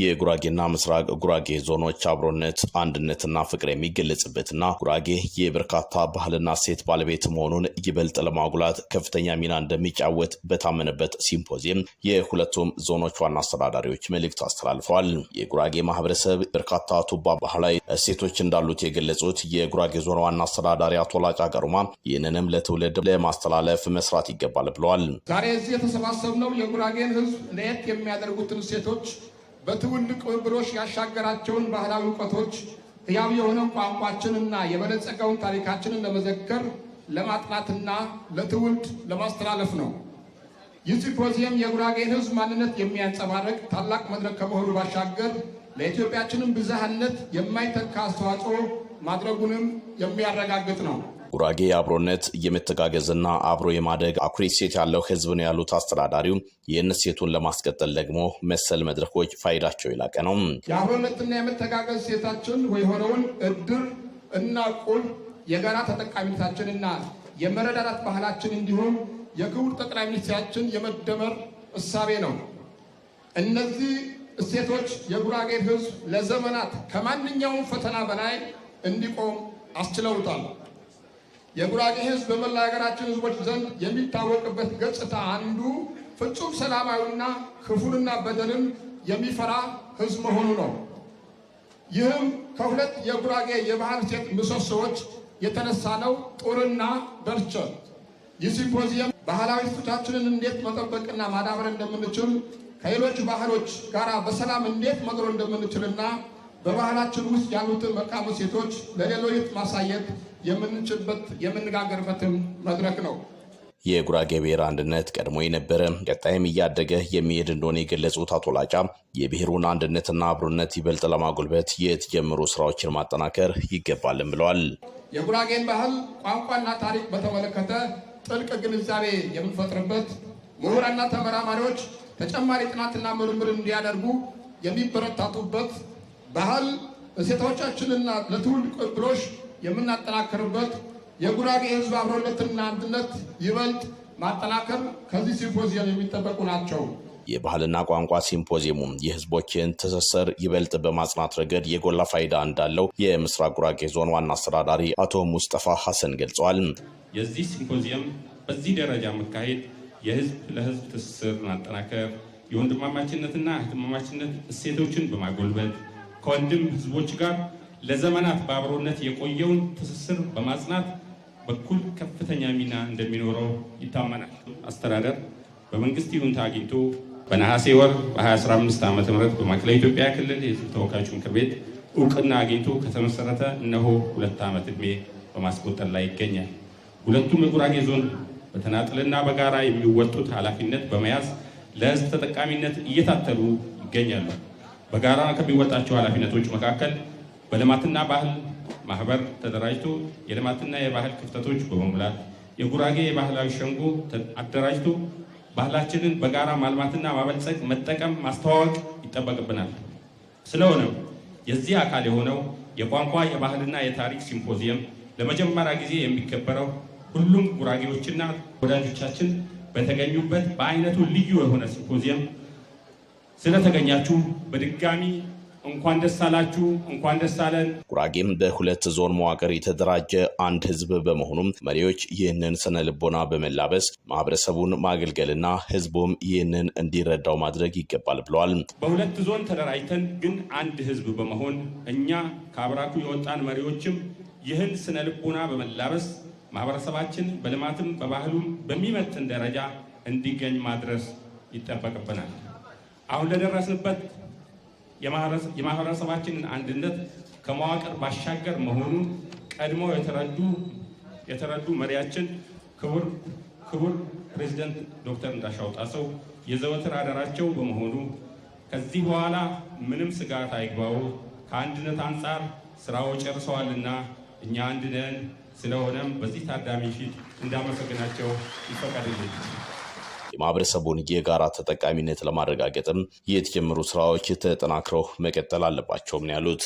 የጉራጌና ምስራቅ ጉራጌ ዞኖች አብሮነት አንድነትና ፍቅር የሚገለጽበትና ጉራጌ የበርካታ ባህልና ሴት ባለቤት መሆኑን ይበልጥ ለማጉላት ከፍተኛ ሚና እንደሚጫወት በታመነበት ሲምፖዚየም የሁለቱም ዞኖች ዋና አስተዳዳሪዎች መልእክት አስተላልፈዋል። የጉራጌ ማህበረሰብ በርካታ ቱባ ባህላዊ እሴቶች እንዳሉት የገለጹት የጉራጌ ዞን ዋና አስተዳዳሪ አቶ ላጫ ገሩማ ይህንንም ለትውልድ ለማስተላለፍ መስራት ይገባል ብለዋል። ዛሬ እዚህ የተሰባሰብነው የጉራጌን ህዝብ ለየት የሚያደርጉትን እሴቶች በትውልድ ቅብብሎሽ ያሻገራቸውን ባህላዊ እውቀቶች ሕያው የሆነን ቋንቋችንና የበለጸገውን ታሪካችንን ለመዘከር ለማጥናትና ለትውልድ ለማስተላለፍ ነው። ይህ ሲምፖዚየም የጉራጌን ሕዝብ ማንነት የሚያንጸባርቅ ታላቅ መድረክ ከመሆኑ ባሻገር ለኢትዮጵያችንም ብዝሃነት የማይተካ አስተዋጽኦ ማድረጉንም የሚያረጋግጥ ነው። ጉራጌ የአብሮነት የመተጋገዝና አብሮ የማደግ አኩሪ እሴት ያለው ህዝብ ነው ያሉት አስተዳዳሪው፣ ይህን እሴቱን ለማስቀጠል ደግሞ መሰል መድረኮች ፋይዳቸው የላቀ ነው። የአብሮነትና የመተጋገዝ እሴታችን የሆነውን እድር እና ቁል የጋራ ተጠቃሚነታችንና የመረዳዳት ባህላችን እንዲሁም የክቡር ጠቅላይ ሚኒስትራችን የመደመር እሳቤ ነው። እነዚህ እሴቶች የጉራጌ ህዝብ ለዘመናት ከማንኛውም ፈተና በላይ እንዲቆም አስችለውታል። የጉራጌ ህዝብ በመላ ሀገራችን ህዝቦች ዘንድ የሚታወቅበት ገጽታ አንዱ ፍጹም ሰላማዊና ክፉንና በደልን የሚፈራ ህዝብ መሆኑ ነው። ይህም ከሁለት የጉራጌ የባህል ሴት ምሰሶዎች የተነሳ ነው። ጡርና በርቸ። ይህ ሲምፖዚየም ባህላዊ እሴቶቻችንን እንዴት መጠበቅና ማዳበር እንደምንችል ከሌሎች ባህሎች ጋር በሰላም እንዴት መኖር እንደምንችልና በባህላችን ውስጥ ያሉትን መልካም ሴቶች ለሌሎች ማሳየት የምንችልበት የምንነጋገርበትን መድረክ ነው። የጉራጌ ብሔር አንድነት ቀድሞ የነበረ ቀጣይም እያደገ የሚሄድ እንደሆነ የገለጹት አቶ ላጫ የብሔሩን አንድነትና አብሮነት ይበልጥ ለማጎልበት የተጀመሩ ስራዎችን ማጠናከር ይገባልም ብለዋል። የጉራጌን ባህል ቋንቋና ታሪክ በተመለከተ ጥልቅ ግንዛቤ የምንፈጥርበት፣ ምሁራንና ተመራማሪዎች ተጨማሪ ጥናትና ምርምር እንዲያደርጉ የሚበረታቱበት ባህል እሴቶቻችንና ለትውልድ ቅብሎች የምናጠናክርበት የጉራጌ ሕዝብ አብሮነትና አንድነት ይበልጥ ማጠናከር ከዚህ ሲምፖዚየም የሚጠበቁ ናቸው። የባህልና ቋንቋ ሲምፖዚየሙ የህዝቦችን ትስስር ይበልጥ በማጽናት ረገድ የጎላ ፋይዳ እንዳለው የምስራቅ ጉራጌ ዞን ዋና አስተዳዳሪ አቶ ሙስጠፋ ሐሰን ገልጸዋል። የዚህ ሲምፖዚየም በዚህ ደረጃ መካሄድ የህዝብ ለህዝብ ትስስር ማጠናከር፣ የወንድማማችነትና እህትማማችነት እሴቶችን በማጎልበት ከወንድም ህዝቦች ጋር ለዘመናት በአብሮነት የቆየውን ትስስር በማጽናት በኩል ከፍተኛ ሚና እንደሚኖረው ይታመናል። አስተዳደር በመንግስት ይሁንታ አግኝቶ በነሐሴ ወር በ2015 ዓ ም በማዕከላዊ ኢትዮጵያ ክልል የህዝብ ተወካዮች ምክር ቤት እውቅና አግኝቶ ከተመሰረተ እነሆ ሁለት ዓመት ዕድሜ በማስቆጠር ላይ ይገኛል። ሁለቱም የጉራጌ ዞን በተናጥልና በጋራ የሚወጡት ኃላፊነት በመያዝ ለህዝብ ተጠቃሚነት እየታተሉ ይገኛሉ። በጋራ ከሚወጣቸው ኃላፊነቶች መካከል በልማትና ባህል ማህበር ተደራጅቶ የልማትና የባህል ክፍተቶች በመሙላት የጉራጌ የባህላዊ ሸንጎ አደራጅቶ ባህላችንን በጋራ ማልማትና ማበልጸግ፣ መጠቀም፣ ማስተዋወቅ ይጠበቅብናል። ስለሆነም የዚህ አካል የሆነው የቋንቋ የባህልና የታሪክ ሲምፖዚየም ለመጀመሪያ ጊዜ የሚከበረው ሁሉም ጉራጌዎችና ወዳጆቻችን በተገኙበት በአይነቱ ልዩ የሆነ ሲምፖዚየም ስለተገኛችሁ በድጋሚ እንኳን ደስ አላችሁ፣ እንኳን ደስ አለን። ጉራጌም በሁለት ዞን መዋቅር የተደራጀ አንድ ህዝብ በመሆኑም መሪዎች ይህንን ስነ ልቦና በመላበስ ማህበረሰቡን ማገልገልና ህዝቡም ይህንን እንዲረዳው ማድረግ ይገባል ብለዋል። በሁለት ዞን ተደራጅተን ግን አንድ ህዝብ በመሆን እኛ ከአብራኩ የወጣን መሪዎችም ይህን ስነ ልቦና በመላበስ ማህበረሰባችን በልማትም በባህሉም በሚመጥን ደረጃ እንዲገኝ ማድረስ ይጠበቅብናል። አሁን ለደረስንበት የማህበረሰባችንን አንድነት ከመዋቅር ባሻገር መሆኑን ቀድሞ የተረዱ መሪያችን ክቡር ክቡር ፕሬዚደንት ዶክተር እንዳሻው ጣሰው የዘወትር አደራቸው በመሆኑ ከዚህ በኋላ ምንም ስጋት አይግባው፣ ከአንድነት አንጻር ስራው ጨርሰዋልና እኛ አንድ ነን። ስለሆነም በዚህ ታዳሚ ፊት እንዳመሰግናቸው ይፈቀድልኝ። የማህበረሰቡን የጋራ ተጠቃሚነት ለማረጋገጥም የተጀመሩ ስራዎች ተጠናክረው መቀጠል አለባቸውም ያሉት።